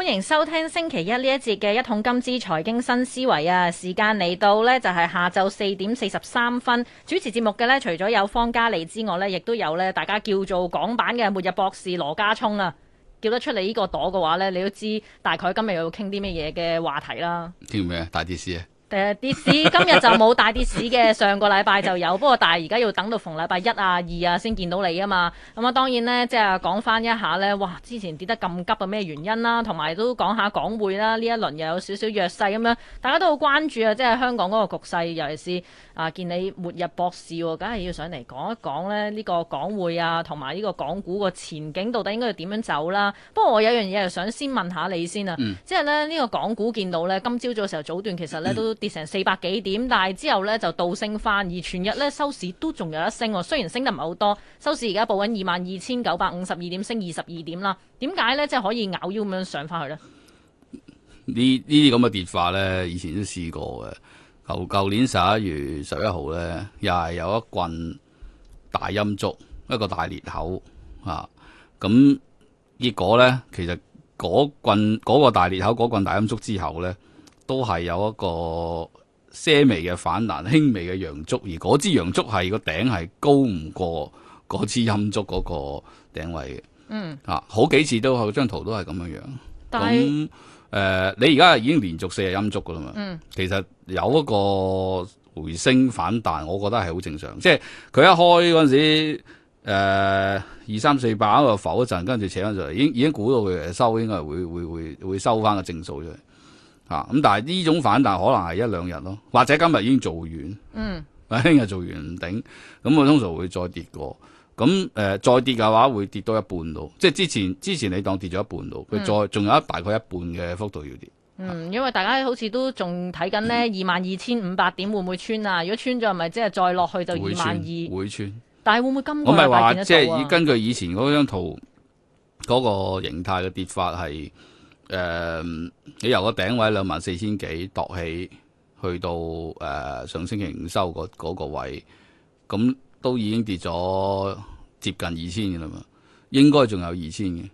歡迎收聽星期一呢一節嘅一桶金之財經新思維啊！時間嚟到呢，就係下晝四點四十三分。主持節目嘅呢，除咗有方嘉莉之外呢，亦都有呢大家叫做港版嘅末日博士羅家聰啊！叫得出嚟呢個朵嘅話呢，你都知大概今日要傾啲咩嘢嘅話題啦。傾咩大啲事啊？誒 跌市今日就冇大跌市嘅， 上個禮拜就有，不過但係而家要等到逢禮拜一啊二啊先見到你啊嘛。咁啊當然呢，即係講翻一下呢。哇之前跌得咁急嘅咩原因啦、啊，同埋都講下港匯啦，呢一輪又有少少弱勢咁、啊、樣，大家都好關注啊，即係香港嗰個局勢，尤其是啊見你末日博士喎、哦，梗係要上嚟講一講咧呢、呢個港匯啊，同埋呢個港股個前景到底應該要點樣走啦、啊。不過我有樣嘢係想先問下你先啊，嗯、即係咧呢、呢個港股見到呢，今朝早嘅時候早段其實呢，其實呢都，跌成四百幾點，但係之後呢就倒升返，而全日呢，收市都仲有一升，雖然升得唔係好多。收市而家報緊二萬二千九百五十二點，升二十二點啦。點解呢？即係可以咬腰咁樣上返去呢？呢啲咁嘅跌法呢，以前都試過嘅。舊舊年十一月十一號呢，又係有一棍大陰燭，一個大裂口啊。咁、嗯、結果呢，其實嗰棍嗰、嗰個大裂口，嗰棍大陰燭之後呢，都係有一個些微嘅反彈，輕微嘅陽燭，而嗰支陽燭係個頂係高唔過嗰支陰燭嗰個頂位嘅。嗯，吓、啊、好幾次都係張圖都係咁樣樣。咁誒是、嗯，你而家已經連續四日陰燭噶啦嘛？嗯，其實有一個回升反彈，我覺得係好正常。即係佢一開嗰陣時，誒二三四百啊浮一陣，跟住扯翻上嚟，已經已經估到佢收，應該係會會會會收翻個正數出嚟。啊，咁、嗯、但係呢種反彈可能係一兩日咯，或者今日已經做完，嗯，聽日 做完唔頂，咁我通常會再跌過。咁誒、呃，再跌嘅話會跌多一半到，即係之前之前你當跌咗一半到，佢再仲有一大概一半嘅幅度要跌。嗯，是因為大家好似都仲睇緊呢，二萬二千五百點會唔會穿啊？嗯、如果穿咗，咪即係再落去就二萬二。會穿。會穿。但係會唔會今個月？我唔係話即係根據以前嗰張圖嗰、嗰個形態嘅跌法係。誒、嗯，你由個頂位兩萬四千幾，度起去到誒、呃、上星期五收嗰、嗰個位，咁都已經跌咗接近二千嘅啦嘛，應該仲有二千嘅，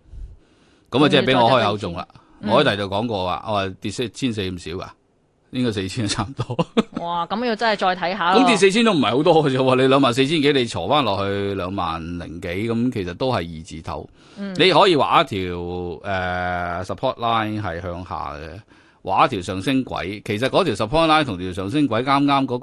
咁啊即係俾我開口中啦、嗯，我喺度就講過話，我話跌四千四唔少啊。應該四千差唔多，多，多。哇！咁要真係再睇下好似四千都唔係好多嘅啫喎，你兩萬四千幾，你挫翻落去兩萬零幾，咁其實都係二字頭。嗯、你可以畫一條誒、呃、support line 係向下嘅，畫一條上升軌。其實嗰條 support line 同條上升軌啱啱嗰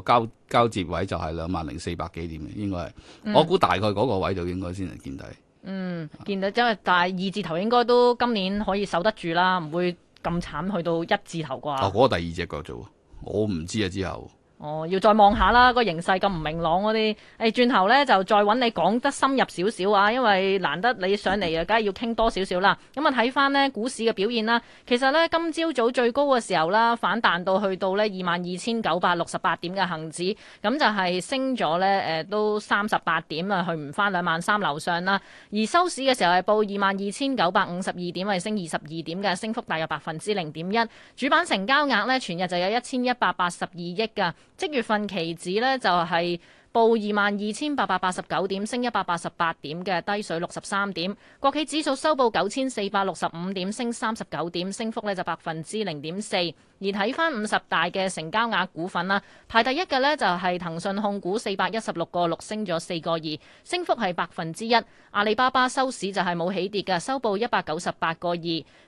個交交接位就係兩萬零四百幾點嘅，應該係。嗯、我估大概嗰個位就應該先能見底。嗯，見底，真係、啊、但係二字頭應該都今年可以守得住啦，唔會。咁慘去到一字頭啩？哦，嗰個第二隻腳做，我唔知啊之後。哦，要再望下啦，個形勢咁唔明朗嗰啲，誒轉頭呢，就再揾你講得深入少少啊，因為難得你上嚟啊，梗係要傾多少少啦。咁啊睇翻呢股市嘅表現啦，其實呢，今朝早最高嘅時候啦，反彈到去到呢二萬二千九百六十八點嘅恒指，咁就係升咗呢誒都三十八點啊，去唔翻兩萬三樓上啦。而收市嘅時候係報二萬二千九百五十二點，係升二十二點嘅，升幅大約百分之零點一。主板成交額呢，全日就有一千一百八十二億噶。即月份期指咧就係、是。報二萬二千八百八十九點，升一百八十八點嘅低水六十三點。國企指數收報九千四百六十五點，升三十九點，升幅呢就百分之零點四。而睇翻五十大嘅成交額股份啦，排第一嘅呢就係騰訊控股四百一十六個六，升咗四個二，升幅係百分之一。阿里巴巴收市就係冇起跌嘅，收報一百九十八個二。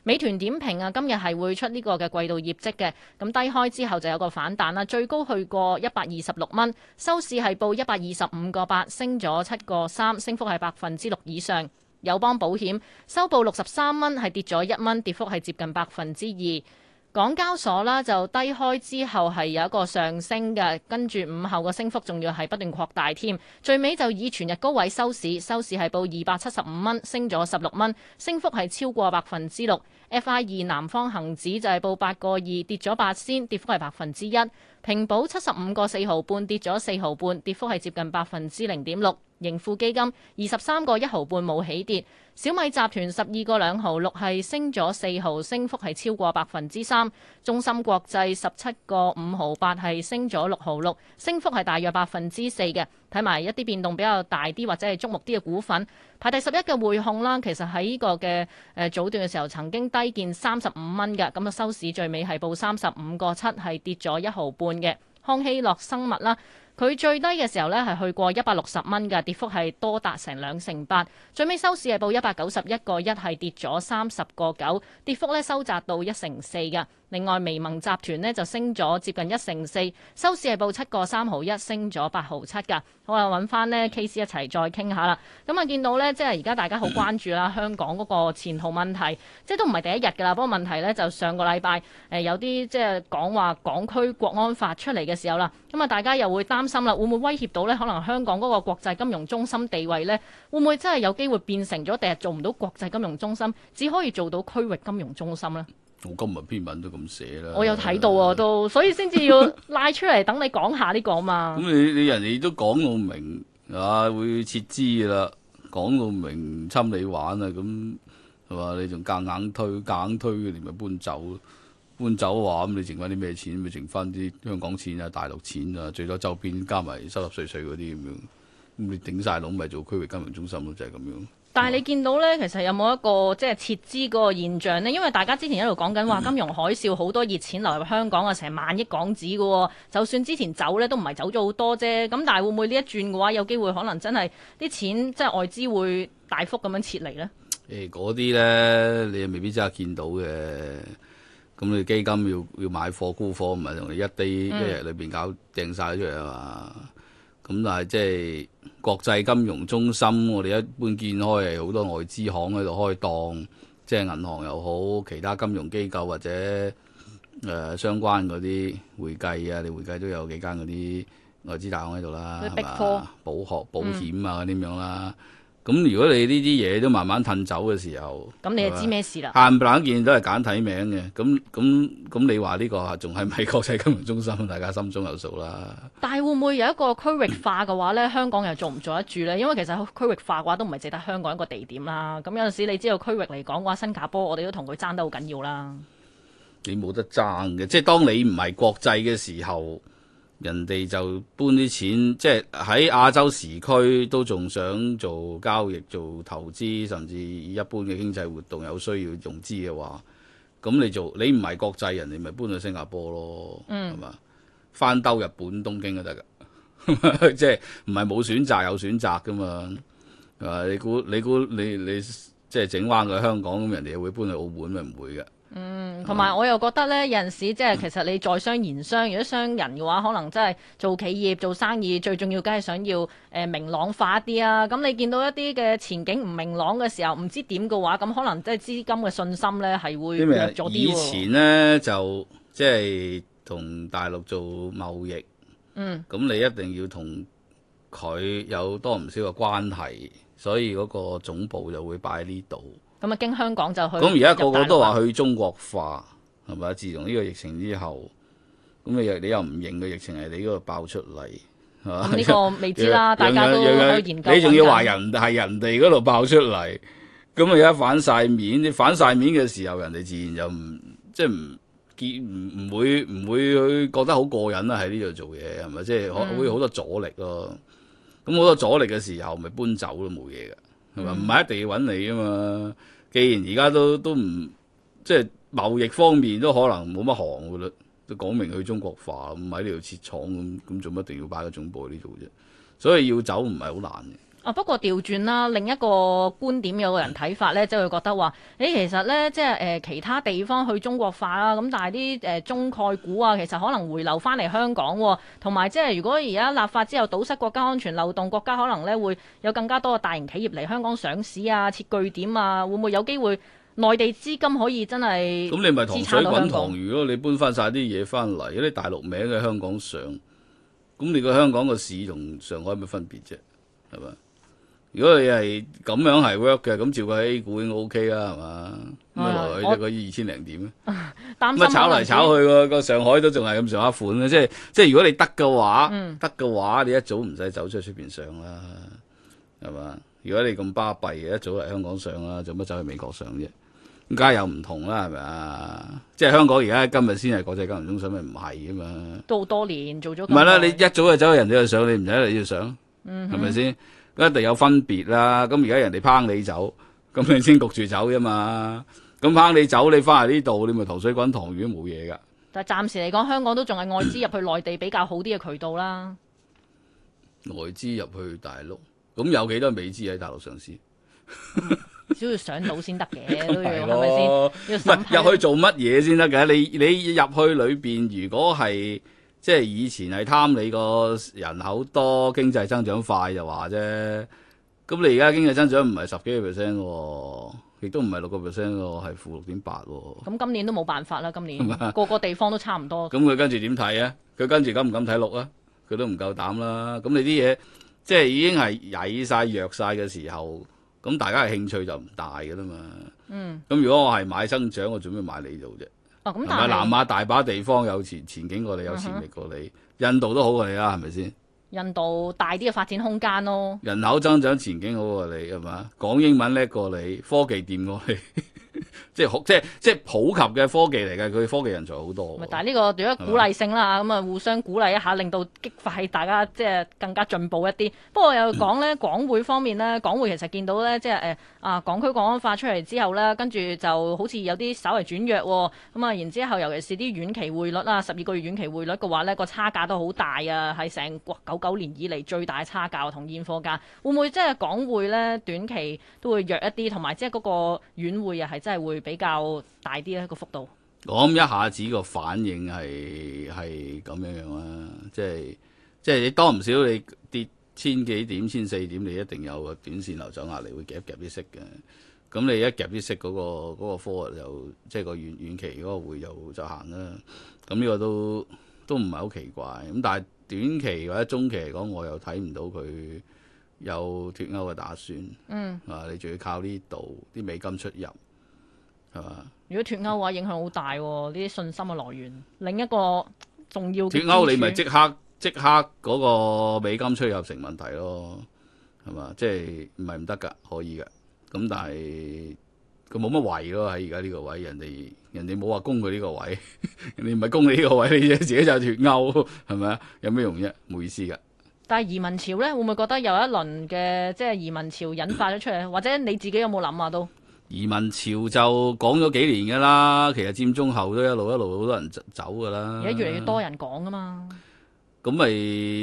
美團點評啊，今日係會出呢個嘅季度業績嘅，咁低開之後就有個反彈啦，最高去過一百二十六蚊，收市係報。一百二十五個八，8，升咗七個三，升幅係百分之六以上。友邦保險收報六十三蚊，係跌咗一蚊，跌幅係接近百分之二。港交所啦就低開之後係有一個上升嘅，跟住午後嘅升幅仲要係不斷擴大添。最尾就以全日高位收市，收市係報二百七十五蚊，升咗十六蚊，升幅係超過百分之六。F.I. 二南方恒指就係報八個二，跌咗八仙，跌幅係百分之一。平保七十五個四毫半，跌咗四毫半，跌幅係接近百分之零點六。盈富基金二十三個一毫半，冇起跌。小米集團十二個兩毫六，係升咗四毫，升幅係超過百分之三。中芯國際十七個五毫八，係升咗六毫六，升幅係大約百分之四嘅。睇埋一啲變動比較大啲或者係觸目啲嘅股份，排第十一嘅匯控啦，其實喺呢個嘅誒早段嘅時候曾經低見三十五蚊嘅，咁啊，收市最尾係報三十五個七，係跌咗一毫半嘅。康希諾生物啦。佢最低嘅時候呢，係去過一百六十蚊嘅，跌幅係多達成兩成八。最尾收市係報一百九十一個一，係跌咗三十個九，跌幅呢，收窄到一成四嘅。另外，微盟集團呢，就升咗接近一成四，收市係報七個三毫一，升咗八毫七嘅。好啦，揾翻呢 case 一齊再傾下啦。咁啊，見到呢，即係而家大家好關注啦，香港嗰個前途問題，即係都唔係第一日噶啦。不過問題呢，就上個禮拜誒有啲即係講話港區國安法出嚟嘅時候啦。咁啊！大家又會擔心啦，會唔會威脅到呢？可能香港嗰個國際金融中心地位呢，會唔會真係有機會變成咗，第日做唔到國際金融中心，只可以做到區域金融中心呢？我今日篇文都咁寫啦，我有睇到啊，都所以先至要拉出嚟等你講下呢個啊嘛。咁你你人哋都講到明啊，會撤資啦，講到明侵你玩啊，咁係嘛？你仲夾硬推夾硬推，你咪搬走。搬走啊！咁你剩翻啲咩錢？咪剩翻啲香港錢啊、大陸錢啊，最多周邊加埋收納碎碎嗰啲咁樣。你頂晒籠咪做區域金融中心咯、啊，就係、是、咁樣。但係你見到呢，其實有冇一個即係、就是、撤資嗰個現象呢？因為大家之前一路講緊話金融海嘯，好多熱錢流入香港啊，成、嗯、萬億港紙噶、哦。就算之前走呢，都唔係走咗好多啫。咁但係會唔會呢一轉嘅話，有機會可能真係啲錢即係外資會大幅咁樣撤離呢？誒、欸，嗰啲呢，你未必真係見到嘅。咁你、嗯、基金要要買貨、沽貨，唔係同你一 y 一日裏邊搞掟曬出嚟啊嘛！咁、嗯、但係即係國際金融中心，我哋一般見開係好多外資行喺度開檔，即係銀行又好，其他金融機構或者誒、呃、相關嗰啲會計啊，你會計都有幾間嗰啲外資大行喺度啦，係嘛 big 保學保險啊嗰啲咁樣啦。咁如果你呢啲嘢都慢慢褪走嘅時候，咁你就知咩事啦。冚唪唥都係簡體名嘅，咁咁咁你話呢個仲係咪國際金融中心？大家心中有數啦。但係會唔會有一個區域化嘅話呢？香港又做唔做得住呢？因為其實區域化嘅話都唔係只得香港一個地點啦。咁有陣時你知道區域嚟講嘅話，新加坡我哋都同佢爭得好緊要啦。你冇得爭嘅，即係當你唔係國際嘅時候。人哋就搬啲錢，即係喺亞洲時區都仲想做交易、做投資，甚至一般嘅經濟活動有需要融資嘅話，咁你做你唔係國際人，你咪搬去新加坡咯，係嘛、嗯？翻兜日本東京都得噶， 即係唔係冇選擇有選擇噶嘛？係你估你估你你，你即係整彎佢香港，咁人哋又會搬去澳門咪唔會嘅？嗯，同埋我又覺得呢，嗯、有陣時即係其實你在商言商，嗯、如果商人嘅話，可能真係做企業，做生意最重要，梗係想要誒明朗化啲啊！咁你見到一啲嘅前景唔明朗嘅時候，唔知點嘅話，咁可能即係資金嘅信心呢係會弱咗啲。以前呢，就即係同大陸做貿易，嗯，咁你一定要同佢有多唔少嘅關係，所以嗰個總部就會擺喺呢度。咁啊，經香港就去咁，而家個個都話去中國化係咪？自從呢個疫情之後，咁你又你又唔認嘅疫情係你嗰度爆出嚟係嘛？呢個未知啦， 大家都喺研究，你仲要話人係人哋嗰度爆出嚟，咁啊而家反晒面，反晒面嘅時候，人哋自然就唔即係唔見唔唔會唔會去覺得好過癮啦，喺呢度做嘢係咪？即係會好多阻力咯，啊。咁好多阻力嘅時候，咪搬走都冇嘢嘅。係咪？唔係一定要揾你啊嘛！既然而家都都唔即係貿易方面都可能冇乜行㗎啦，都講明去中國化唔喺呢度設廠咁，咁做乜一定要擺個總部喺呢度啫？所以要走唔係好難嘅。啊，不過調轉啦，另一個觀點有個人睇法呢，即係會覺得話，誒其實呢，即係誒其他地方去中國化啦，咁但係啲誒中概股啊，其實可能回流翻嚟香港喎，同埋即係如果而家立法之後堵塞國家安全漏洞，國家可能呢會有更加多嘅大型企業嚟香港上市啊，設據點啊，會唔會有機會內地資金可以真係？咁你咪塘水滾塘魚咯，如果你搬翻晒啲嘢翻嚟，有啲大陸名嘅香港上，咁你個香港個市同上海有咩分別啫？係嘛？如果你係咁樣係 work 嘅，咁照計 A 股已經 OK 啦，係嘛？咁落去一個二千零點？咁啊炒嚟炒去個上海都仲係咁上下款咧，即係即係如果你得嘅話，嗯、得嘅話你一早唔使走出去出面上啦，係嘛？如果你咁巴閉，一早嚟香港上啦，做乜走去美國上啫？咁梗係又唔同啦，係咪啊？即係香港而家今日先係國際金融中心，咪唔係嘅嘛？都好多年做咗。唔係啦，你一早就走去人哋度上，你唔使嚟要上，係咪先？嗯 一定有分別啦，咁而家人哋抨你走，咁你先焗住走啫嘛。咁抨你走，你翻嚟呢度，你咪糖水滾湯丸冇嘢噶。但係暫時嚟講，香港都仲係外資入去內地比較好啲嘅渠道啦。外 資入去大陸，咁有幾多美資喺大陸上市？ 只要上到先得嘅，都要係咪先？入 了去做乜嘢先得嘅？你你入去裏邊，如果係。即係以前係貪你個人口多、經濟增長快就話啫。咁你而家經濟增長唔係十幾個 percent 喎，亦、哦、都唔係六個 percent 喎，係負六點八喎。咁、哦、今年都冇辦法啦，今年個 個地方都差唔多。咁佢 跟住點睇啊？佢跟住敢唔敢睇六啊？佢都唔夠膽啦。咁你啲嘢即係已經係曳晒、弱晒嘅時候，咁大家嘅興趣就唔大㗎啦嘛。嗯。咁如果我係買增長，我準備買你度啫？哦，咁但係南亞大把地方有前前景過你，有潛力過你。嗯、哼印度都好過你啊，係咪先？印度大啲嘅發展空間咯，人口增長前景好過你係嘛？講英文叻過你，科技掂過你。 即係好，即係即係普及嘅科技嚟嘅，佢科技人才好多。但係呢個對於鼓勵性啦，咁啊吧互相鼓勵一下，令到激發大家即係更加進步一啲。不過又講咧，港匯方面咧，港匯其實見到咧，即係誒啊，港區國安法出嚟之後咧，跟住就好似有啲稍為轉弱咁、哦、啊、嗯。然之後尤其是啲遠期匯率啊，十二個月遠期匯率嘅話咧，個差價都好大啊，係成國九九年以嚟最大差價同現貨價會唔會即係港匯咧短期都會弱一啲，同埋即係個個遠匯又係真係會。比較大啲咧個幅度，我諗一下子個反應係係咁樣樣啦，即係即係你多唔少你跌千幾點、千四點，你一定有個短線流走壓力，會夾，夾一夾啲息嘅。咁你一夾啲息嗰、嗰個嗰個科就即係個遠遠期嗰個匯就就行啦。咁呢個都都唔係好奇怪。咁但係短期或者中期嚟講，我又睇唔到佢有脫鈎嘅打算。嗯，啊，你仲要靠呢度啲美金出入。係嘛？如果脫歐嘅話，影響好大喎，呢啲信心嘅來源。另一個重要脫歐，脫歐你咪即刻即刻嗰個美金出入成問題咯，係嘛？即係唔係唔得噶，可以噶。咁但係佢冇乜位咯，喺而家呢個位，人哋人哋冇話攻佢呢個位，人哋唔係攻你呢個位，你自己就係脫歐，係咪啊？有咩用啫？冇意思噶。但係移民潮呢，會唔會覺得有一輪嘅即係移民潮引發咗出嚟 或者你自己有冇諗啊？都？移民潮就講咗幾年嘅啦，其實佔中後都一路一路好多人走走嘅啦。而家越嚟越多人講啊嘛。咁咪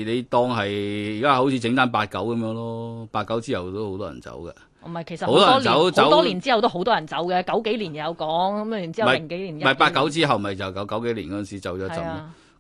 你當係而家好似整單八九咁樣咯，八九之後都好多人走嘅。唔係，其實好多，多人走，好多，走多年之後都好多人走嘅。九幾年有講咁啊，然之後零幾年。唔係八九之後，咪就九九幾年嗰陣、啊、時走咗一陣，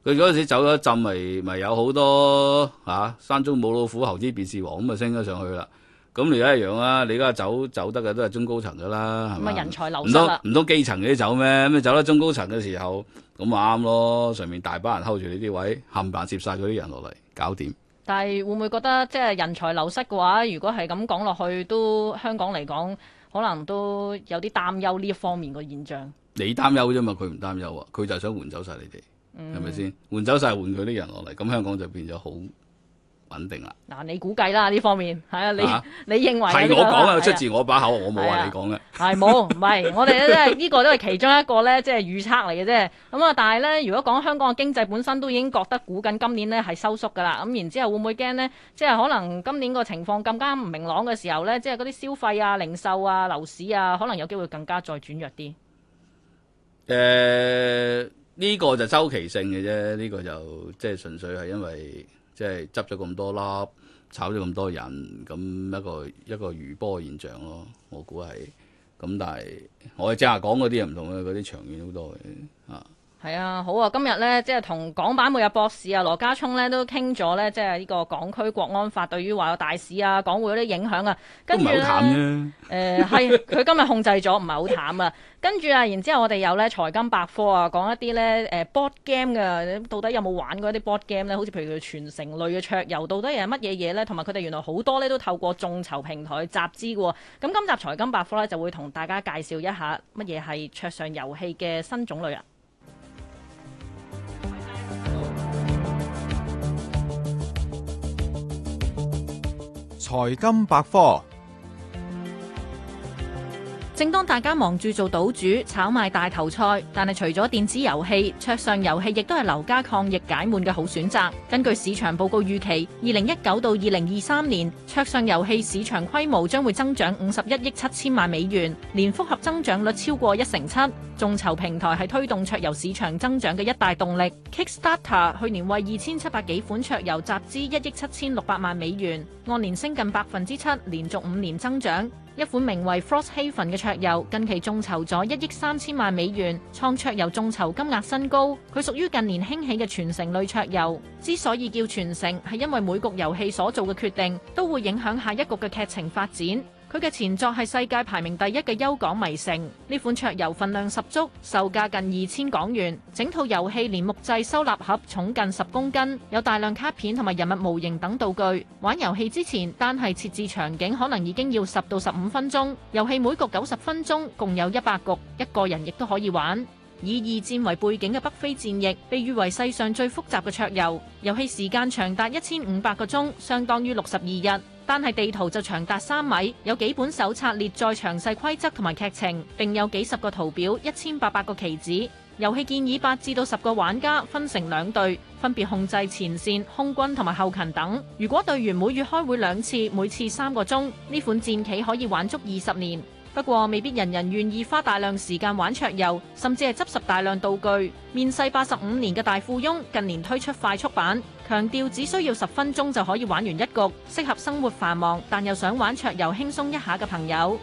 佢嗰陣時走咗一陣，咪咪有好多嚇、啊、山中冇老虎，猴子變是王咁啊，升咗上去啦。咁而家一樣啊！你而家走走得嘅都係中高層嘅啦，係咪、嗯？吧人才流失唔通基層嗰啲走咩？咁你走得中高層嘅時候，咁咪啱咯！上面大把人睺住你啲位，冚唪唥接晒佢啲人落嚟，搞掂。但係會唔會覺得即係、就是、人才流失嘅話，如果係咁講落去，都香港嚟講，可能都有啲擔憂呢一方面嘅現象。你擔憂啫嘛，佢唔擔憂啊！佢就係想換走晒你哋，係咪先？換走晒換佢啲人落嚟，咁香港就變咗好。穩定啦，嗱，你估計啦呢方面，係啊，你你認為係我講啊，出自我把口，我冇話你講咧，係冇，唔係，我哋咧都係呢個都係其中一個咧，即係預測嚟嘅啫。咁啊，但係咧，如果講香港嘅經濟本身都已經覺得估緊今年咧係收縮噶啦，咁然之後會唔會驚咧？即係可能今年個情況更加唔明朗嘅時候咧，即係嗰啲消費啊、零售啊、樓市啊，可能有機會更加再轉弱啲。誒，呢個就周期性嘅啫，呢個就即係純粹係因為。即係執咗咁多粒，炒咗咁多人，咁一個一個餘波現象咯，我估係。咁但係我哋正話講嗰啲又唔同嘅，嗰啲長遠好多嘅啊。係啊，好啊！今日咧，即係同港版每日博士啊，羅家聰咧都傾咗咧，即係呢個港區國安法對於話大市啊、港匯嗰啲影響啊，跟住係誒，係佢、呃、 今日控制咗，唔係好淡啊。跟住啊，然之後我哋有咧財金百科啊，講一啲咧誒 board game 嘅，到底有冇玩過一啲 board game 咧？好似譬如全城類嘅桌遊，到底係乜嘢嘢咧？同埋佢哋原來好多咧都透過眾籌平台集資嘅、啊。咁今集財金百科咧就會同大家介紹一下乜嘢係桌上遊戲嘅新種類啊。財金百科。正當大家忙住做島主炒賣大頭菜，但係除咗電子遊戲，桌上遊戲亦都係留家抗疫解悶嘅好選擇。根據市場報告預期，二零一九到二零二三年，桌上遊戲市場規模將會增長五十一億七千萬美元，年複合增長率超過一成七。眾籌平台係推動桌遊市場增長嘅一大動力。Kickstarter 去年為二千七百幾款桌遊集資一億七千六百萬美元，按年升近百分之七，連續五年增長。一款名為 Frost Haven 嘅桌遊近期眾籌咗一億三千萬美元，創桌遊眾籌金額新高。佢屬於近年興起嘅傳承類桌遊。之所以叫傳承，係因為每局遊戲所做嘅決定都會影響下一局嘅劇情發展。佢嘅前作係世界排名第一嘅《幽港迷城》呢款桌遊，份量十足，售價近二千港元。整套遊戲連木製收納盒重近十公斤，有大量卡片同埋人物模型等道具。玩遊戲之前，單係設置場景可能已經要十到十五分鐘。遊戲每局九十分鐘，共有一百局，一個人亦都可以玩。以二戰為背景嘅北非戰役，被譽為世上最複雜嘅桌遊。遊戲時間長達一千五百個鐘，相當於六十二日。但係地圖就長達三米，有幾本手冊列載詳細規則同埋劇情，並有幾十個圖表、一千八百個棋子。遊戲建議八至到十個玩家分成兩隊，分別控制前線、空軍同埋後勤等。如果隊員每月開會兩次，每次三個鐘，呢款戰棋可以玩足二十年。不過未必人人願意花大量時間玩桌遊，甚至係執拾大量道具。面世八十五年嘅大富翁近年推出快速版。強調只需要十分鐘就可以玩完一局，適合生活繁忙但又想玩桌遊輕鬆一下嘅朋友。